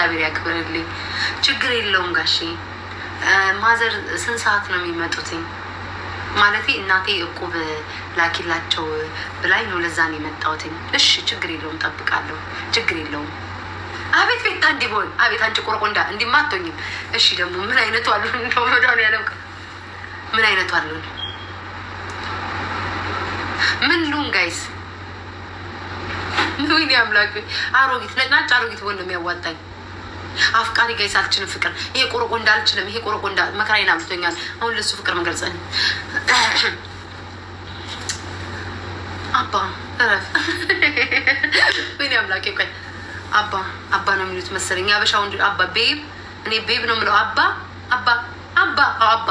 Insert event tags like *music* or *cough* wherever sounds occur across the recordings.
እግዚአብሔር ያክብርልኝ። ችግር የለውም ጋሼ። ማዘር ስንት ሰዓት ነው የሚመጡትኝ? ማለቴ እናቴ እቁብ ላኪላቸው ብላኝ ነው ለዛ ነው የመጣሁትኝ። እሺ ችግር የለውም ጠብቃለሁ። ችግር የለውም። አቤት ቤታ እንዲሆን አቤት አንቺ ቆርቆንዳ እንዲማቶኝም። እሺ ደግሞ ምን አይነቱ አሉ መዳን ያለው ምን አይነቱ አሉ ምን ሉን ጋይስ ምን ያምላክ አሮጊት ነጭ አሮጊት ወን ነው የሚያዋጣኝ። አፍቃሪ ጋይስ አልችልም። ፍቅር ይሄ ቆርቆ እንዳልችልም ይሄ ቆርቆ መከራዬን አብዝቶኛል። አሁን ለሱ ፍቅር መገልጸን አባ ረፍ ወይኔ አምላኬ ቆይ አባ አባ ነው የሚሉት መሰለኝ። ያበሻ ወንድ አባ ቤብ፣ እኔ ቤብ ነው የምለው። አባ አባ አባ አባ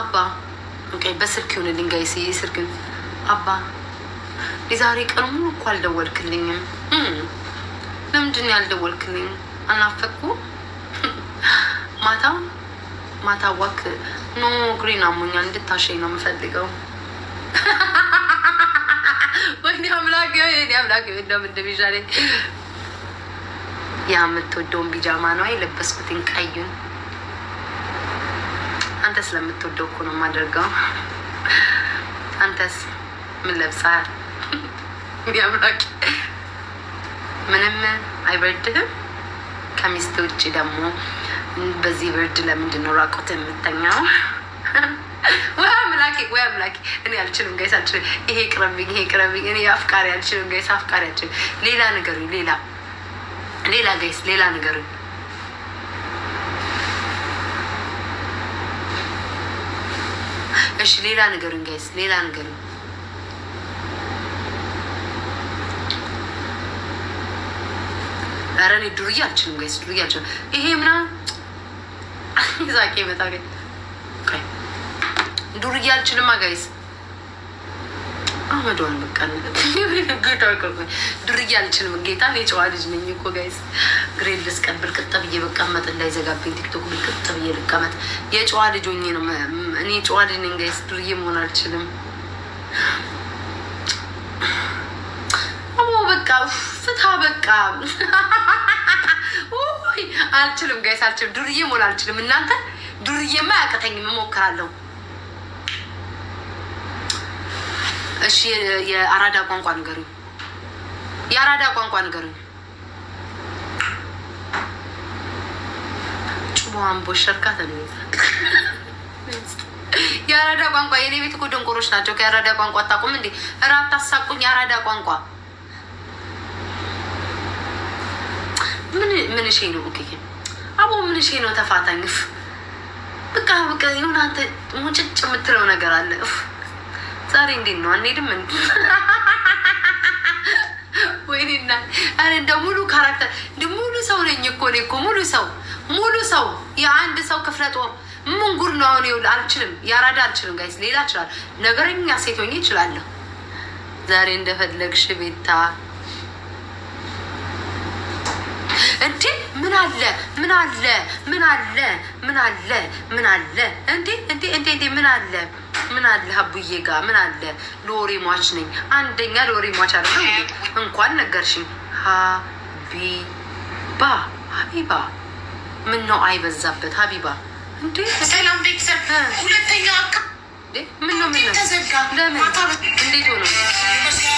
አባ ኦኬ። በስልክ ይሁንልኝ ጋይስ፣ ስልክ አባ። የዛሬ ቀን ሙሉ እኮ አልደወልክልኝም። ለምንድን ነው ያልደወልክልኝ? አልናፈኩ ማታ ማታ ዋክ ኖ ግሪን አሞኛል እንድታሸኝ ነው የምፈልገው። ወይኔ አምላክ ወይኔ አምላክ እንደም እንደሚሻለ ያ የምትወደውን ቢጃማ ነው የለበስኩትን ቀዩን። አንተ ስለምትወደው እኮ ነው የማደርገው። አንተስ ምን ለብሳል? *laughs* አምላክ ምንም አይበርድህም? ከሚስት ውጭ ደግሞ በዚህ ብርድ ለምንድን ነው ራቁት የምተኛው? ወይ *laughs* አምላኬ፣ ወይ አምላኬ፣ እኔ አልችልም ጋይስ፣ አልችልም። ይሄ ቅረብኝ፣ ይሄ ቅረብኝ። እኔ አፍቃሪ አልችልም ጋይስ፣ አፍቃሪ አልችልም። ሌላ ነገር ሌላ ሌላ ጋይስ፣ ሌላ ነገር እሺ ሌላ ነገር ጋይስ፣ ሌላ ነገር ኧረ እኔ ዱርዬ አልችልም፣ ጋይስ ዱርዬ አልችልም። ይሄ ምናምን *laughs* ዛቄ ይመጣ ዱርዬ አልችልማ ጋይስ አመዷን በቃ *laughs* ዱርዬ አልችልም። ጌታ የጨዋ ልጅ ነኝ እኮ ጋይስ። ግሬድ ልስቀን ብልቅጥ ብዬ በቀመጥ እንዳይዘጋብኝ ቲክቶክ ብልቅጥ ብዬ ልቀመጥ። የጨዋ ልጅ ሆኜ ነው እኔ ጨዋ ልጅ ነኝ ጋይስ። ዱርዬ መሆን አልችልም። በቃ ፍታ በቃ *laughs* አልችልም፣ ጋይስ አልችልም፣ ዱርዬ ሞላ አልችልም። እናንተ ዱርዬማ አያቅተኝም፣ እሞክራለሁ። እሺ የአራዳ ቋንቋ ንገሩኝ፣ የአራዳ ቋንቋ ንገሩኝ። ጭቦዋን ቦሸርካ ተለይታ የአራዳ ቋንቋ የኔ ቤት እኮ ደንቆሮች ናቸው። ከአራዳ ቋንቋ አታውቁም እንዴ? እራት ታሳቁኝ። የአራዳ ቋንቋ ምን ምንሽ ነው ኦኬ አቦ ምን ምንሽ ነው ተፋታኝ። እፍ በቃ በቃ ይሁን። አንተ ሙጭጭ የምትለው ነገር አለ። እፍ ዛሬ እንዴት ነው አንሄድም? እንዲ ወይኔና አረ እንደ ሙሉ ካራክተር እንደ ሙሉ ሰው ነኝ እኮ እኔ እኮ ሙሉ ሰው ሙሉ ሰው የአንድ ሰው ክፍለ ጦር ምን ጉር ነው አሁን? ይኸውልህ አልችልም፣ ያራዳ አልችልም። ጋይስ ሌላ እችላለሁ፣ ነገረኛ ሴት ሆኜ እችላለሁ። ዛሬ እንደፈለግሽ ቤታ እንዴ ምን አለ ምን አለ ምን አለ ምን አለ ምን አለ እንዴ እንዴ እንዴ እንዴ ምን አለ ምን አለ ሀቡዬ ጋር ምን አለ? ሎሬ ሟች ነኝ አንደኛ ሎሬ ሟች አለ። እንኳን ነገርሽኝ ሀቢባ ሀቢባ ምን ነው አይበዛበት ሀቢባ እንዴ ሰላም ቤተሰብ ሁለተኛ ምን ነው ምን ነው ለምን እንዴት ሆነ?